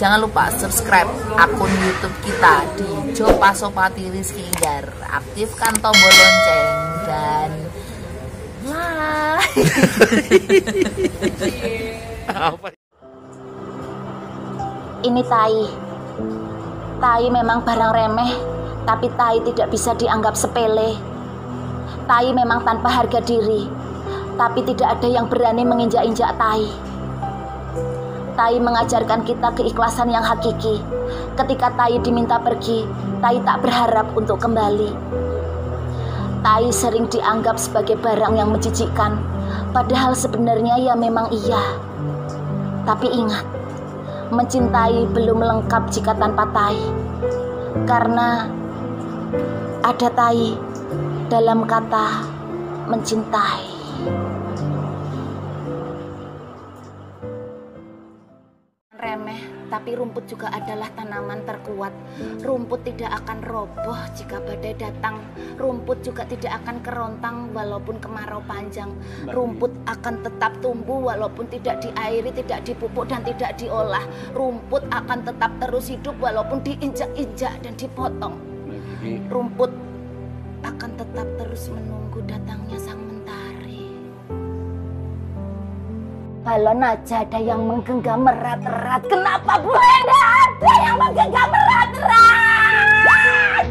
Jangan lupa subscribe akun YouTube kita di Jopasopati Rizky Inggar. Aktifkan tombol lonceng dan like. Ini tai. Tai memang barang remeh, tapi tai tidak bisa dianggap sepele. Tai memang tanpa harga diri, tapi tidak ada yang berani menginjak-injak tai. Tai mengajarkan kita keikhlasan yang hakiki. Ketika Tai diminta pergi, Tai tak berharap untuk kembali. Tai sering dianggap sebagai barang yang menjijikkan, padahal sebenarnya ya memang iya. Tapi ingat, mencintai belum lengkap jika tanpa Tai. Karena ada Tai dalam kata mencintai. tapi rumput juga adalah tanaman terkuat. Rumput tidak akan roboh jika badai datang. Rumput juga tidak akan kerontang walaupun kemarau panjang. Rumput akan tetap tumbuh walaupun tidak diairi, tidak dipupuk dan tidak diolah. Rumput akan tetap terus hidup walaupun diinjak-injak dan dipotong. Rumput akan tetap terus menunggu datangnya sang balon aja ada yang menggenggam erat-erat. Kenapa Bu ada yang menggenggam erat-erat?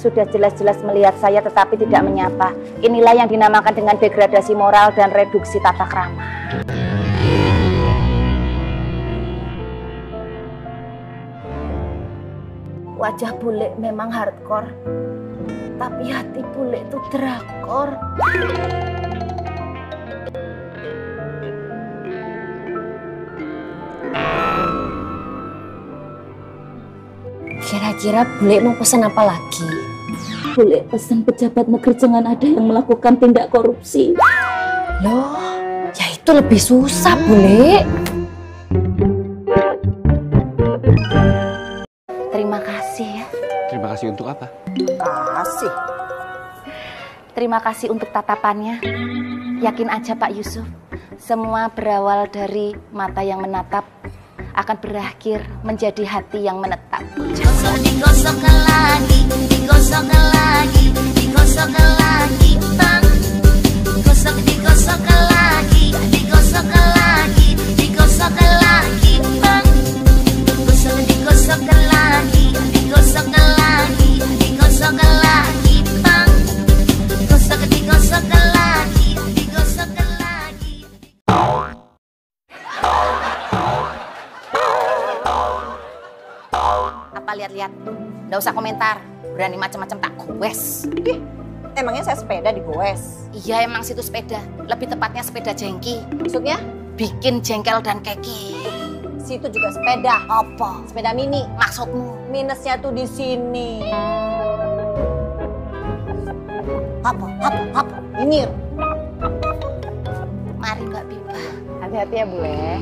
Sudah jelas-jelas melihat saya tetapi tidak menyapa. Inilah yang dinamakan dengan degradasi moral dan reduksi tata krama. Wajah bule memang hardcore, tapi hati bule itu drakor. Kira-kira bule mau pesan apa lagi? Bule pesan pejabat negeri jangan ada yang melakukan tindak korupsi. Loh, ya itu lebih susah, bule. Terima kasih untuk apa? Kasih. Terima kasih untuk tatapannya. Yakin aja Pak Yusuf, semua berawal dari mata yang menatap akan berakhir menjadi hati yang menetap. Digosok, digosok lagi, digosok lagi, digosok lagi, bang. Digosok, digosok lagi. apa lihat-lihat. Nggak usah komentar. Berani macam-macam tak gowes. emangnya saya sepeda di goes? Iya, emang situ sepeda. Lebih tepatnya sepeda jengki. Maksudnya? Bikin jengkel dan keki. Situ juga sepeda. Apa? Sepeda mini. Maksudmu? Minusnya tuh di sini. Apa? Apa? Apa? Ini. Mari Mbak Biba. Hati-hati ya, Bu. Ya.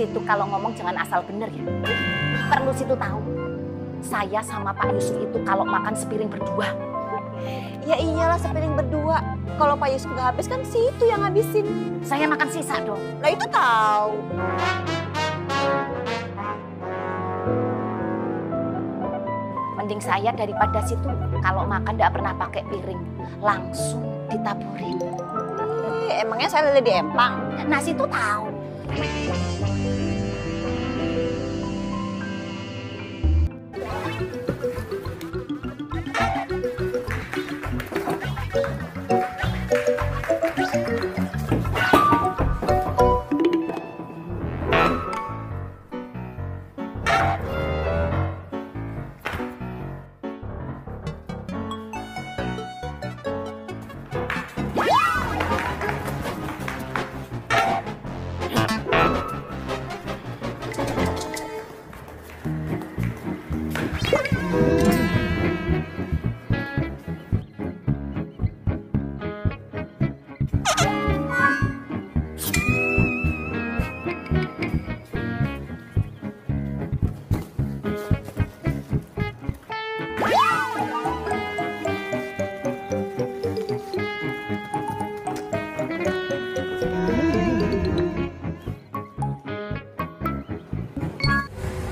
Situ kalau ngomong jangan asal bener ya. Perlu situ tahu. Saya sama Pak Yusuf itu kalau makan sepiring berdua. Ya iyalah sepiring berdua. Kalau Pak Yusuf nggak habis kan situ yang ngabisin. Saya makan sisa dong. Lah itu tahu. Mending saya daripada situ kalau makan nggak pernah pakai piring. Langsung ditaburin. emangnya saya lele di empang? Nasi itu tahu.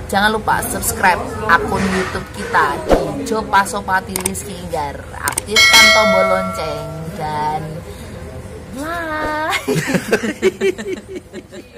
Jangan lupa subscribe akun YouTube kita di Jopasopati Rizky Inggar. Aktifkan tombol lonceng dan like.